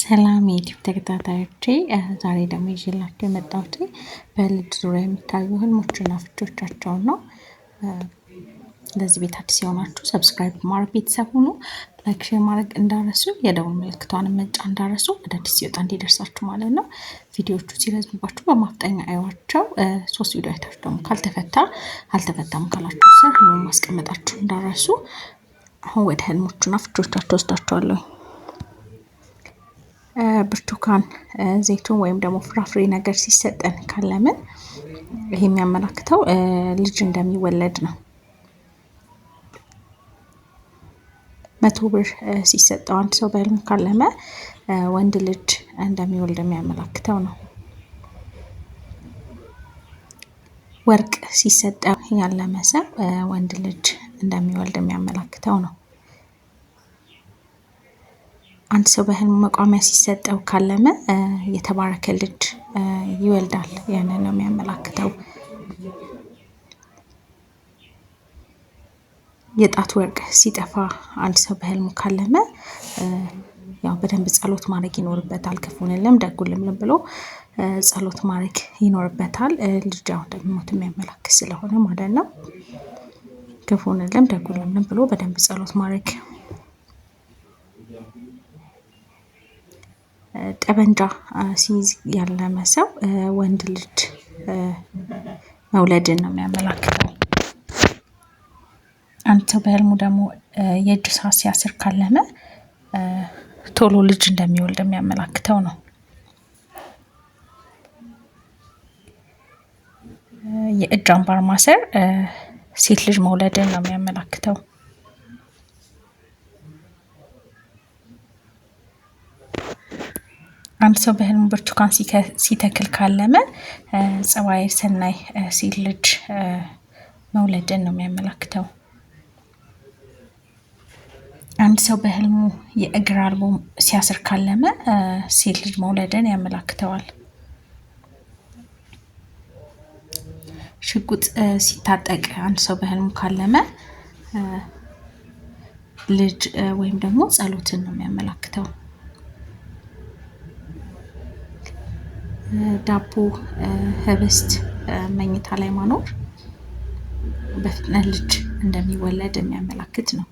ሰላም የዩቲዩብ ተከታታዮቼ፣ ዛሬ ደግሞ ይዤላችሁ የመጣሁት በልጅ ዙሪያ የሚታዩ ህልሞችና ፍቾቻቸውን ነው። ለዚህ ቤት አዲስ የሆናችሁ ሰብስክራይብ ማድረግ ቤተሰብ ሁኑ። ላይክ፣ ሼር ማድረግ እንዳረሱ፣ የደቡብ ምልክቷን መጫ እንዳረሱ፣ አዳዲስ ሲወጣ እንዲደርሳችሁ ማለት ነው። ቪዲዮቹ ሲረዝሙባችሁ በማፍጠኛ አይዋቸው። ሶስት ቪዲዮ አይታችሁ ደግሞ ካልተፈታ አልተፈታም ካላችሁ ስር ማስቀመጣችሁ እንዳረሱ። አሁን ወደ ህልሞቹና ፍቾቻቸው ወስዳችኋለሁ። ብርቱካን፣ ዘይቱን ወይም ደግሞ ፍራፍሬ ነገር ሲሰጠን ካለምን ይህ የሚያመላክተው ልጅ እንደሚወለድ ነው። መቶ ብር ሲሰጠው አንድ ሰው በህልም ካለመ ወንድ ልጅ እንደሚወልድ የሚያመላክተው ነው። ወርቅ ሲሰጠው ያለመ ሰው ወንድ ልጅ እንደሚወልድ የሚያመላክተው ነው። አንድ ሰው በህልሙ መቋሚያ ሲሰጠው ካለመ የተባረከ ልጅ ይወልዳል። ያንን ነው የሚያመላክተው። የጣት ወርቅ ሲጠፋ አንድ ሰው በህልሙ ካለመ ያው በደንብ ጸሎት ማድረግ ይኖርበታል። ክፉን ልም ደጉን ብሎ ጸሎት ማድረግ ይኖርበታል። ልጅ አሁን ደግሞ የሚያመላክት ስለሆነ ማለት ነው። ክፉን ልም ደጉን ብሎ በደንብ ጸሎት ማድረግ ጠበንጃ ሲይዝ ያለመ ሰው ወንድ ልጅ መውለድን ነው የሚያመላክተው። አንድ ሰው በህልሙ ደግሞ የእጅ ሰዓት ሲያስር ካለመ ቶሎ ልጅ እንደሚወልድ የሚያመላክተው ነው። የእጅ አምባር ማሰር ሴት ልጅ መውለድን ነው የሚያመላክተው። አንድ ሰው በህልሙ ብርቱካን ሲተክል ካለመ ጸባይ ሰናይ ሴት ልጅ መውለድን ነው የሚያመላክተው። አንድ ሰው በህልሙ የእግር አልቦ ሲያስር ካለመ ሴት ልጅ መውለድን ያመላክተዋል። ሽጉጥ ሲታጠቅ አንድ ሰው በህልሙ ካለመ ልጅ ወይም ደግሞ ጸሎትን ነው የሚያመላክተው። ዳቦ ህብስት መኝታ ላይ ማኖር በፍጥነት ልጅ እንደሚወለድ የሚያመላክት ነው።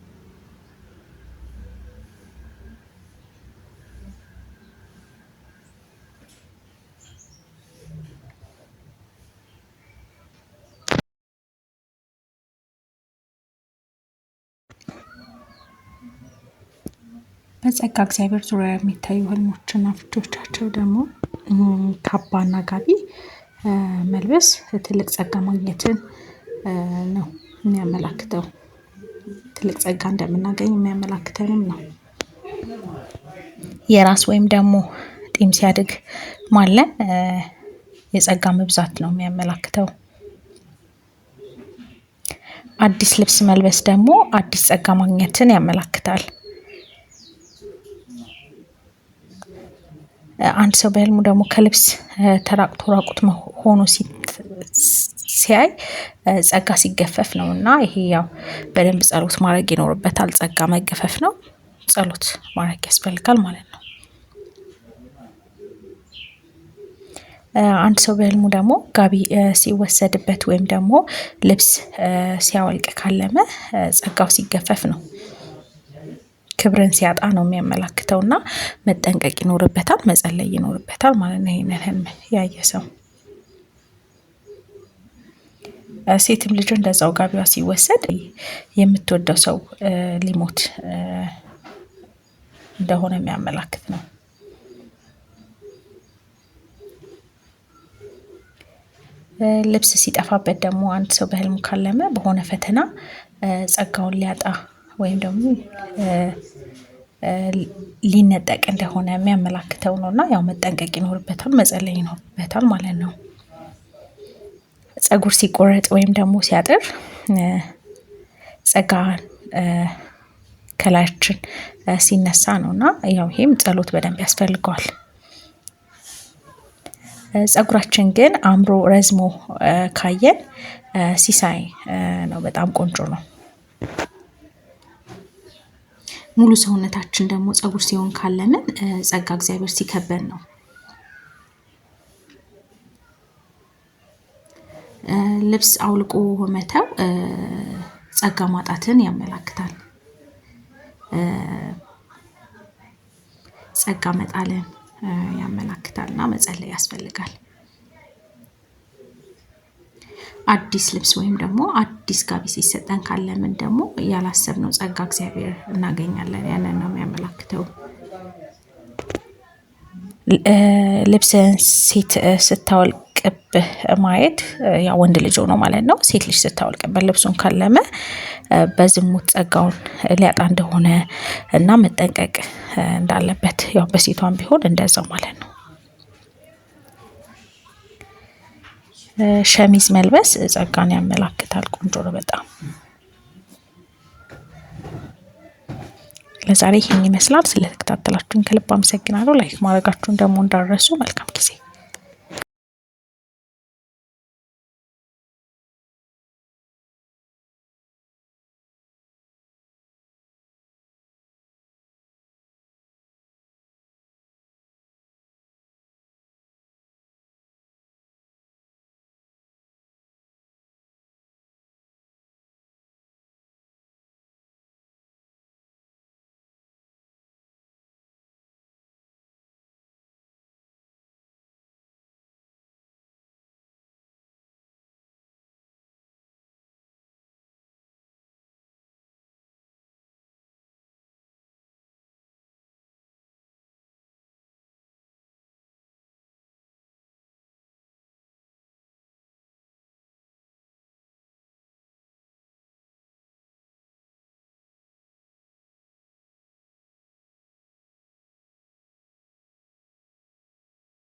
በጸጋ እግዚአብሔር ዙሪያ የሚታዩ ህልሞችና ፍቾቻቸው ደግሞ ካባና ጋቢ መልበስ ትልቅ ጸጋ ማግኘትን ነው የሚያመላክተው። ትልቅ ጸጋ እንደምናገኝ የሚያመላክተንም ነው። የራስ ወይም ደግሞ ጢም ሲያድግ ማለን የጸጋ መብዛት ነው የሚያመላክተው። አዲስ ልብስ መልበስ ደግሞ አዲስ ጸጋ ማግኘትን ያመላክታል አንድ ሰው በህልሙ ደግሞ ከልብስ ተራቅቶ ራቁት ሆኖ ሲያይ ጸጋ ሲገፈፍ ነው እና ይሄ ያው በደንብ ጸሎት ማድረግ ይኖርበታል። ጸጋ መገፈፍ ነው፣ ጸሎት ማድረግ ያስፈልጋል ማለት ነው። አንድ ሰው በህልሙ ደግሞ ጋቢ ሲወሰድበት ወይም ደግሞ ልብስ ሲያወልቅ ካለመ ጸጋው ሲገፈፍ ነው። ክብርን ሲያጣ ነው የሚያመላክተው እና መጠንቀቅ ይኖርበታል፣ መጸለይ ይኖርበታል ማለት ነው። ይህንን ህልም ያየ ሰው ሴትም ልጁ እንደዛው ጋቢዋ ሲወሰድ የምትወደው ሰው ሊሞት እንደሆነ የሚያመላክት ነው። ልብስ ሲጠፋበት ደግሞ አንድ ሰው በህልሙ ካለመ በሆነ ፈተና ጸጋውን ሊያጣ ወይም ደግሞ ሊነጠቅ እንደሆነ የሚያመላክተው ነው እና ያው መጠንቀቅ ይኖርበታል፣ መጸለይ ይኖርበታል ማለት ነው። ጸጉር ሲቆረጥ ወይም ደግሞ ሲያጥር ጸጋ ከላያችን ሲነሳ ነው እና ያው ይህም ጸሎት በደንብ ያስፈልገዋል። ጸጉራችን ግን አምሮ ረዝሞ ካየን ሲሳይ ነው፣ በጣም ቆንጆ ነው። ሙሉ ሰውነታችን ደግሞ ፀጉር ሲሆን ካለምን ጸጋ እግዚአብሔር ሲከበን ነው። ልብስ አውልቆ መተው ጸጋ ማጣትን ያመላክታል። ጸጋ መጣልን ያመላክታልና መጸለይ ያስፈልጋል። አዲስ ልብስ ወይም ደግሞ አዲስ ጋቢ ሲሰጠን ካለምን ደግሞ ያላሰብነው ጸጋ እግዚአብሔር እናገኛለን። ያንን ነው የሚያመላክተው። ልብስን ሴት ስታወልቅብህ ማየት ያ ወንድ ልጅ ነው ማለት ነው። ሴት ልጅ ስታወልቅብህ ልብሱን ካለመ በዝሙት ጸጋውን ሊያጣ እንደሆነ እና መጠንቀቅ እንዳለበት ያው በሴቷም ቢሆን እንደዛው ማለት ነው። ሸሚዝ መልበስ ጸጋን ያመላክታል። ቆንጆ ነው በጣም። ለዛሬ ይህን ይመስላል። ስለተከታተላችሁን ከልብ አመሰግናለሁ። ላይክ ማድረጋችሁን ደግሞ እንዳረሱ። መልካም ጊዜ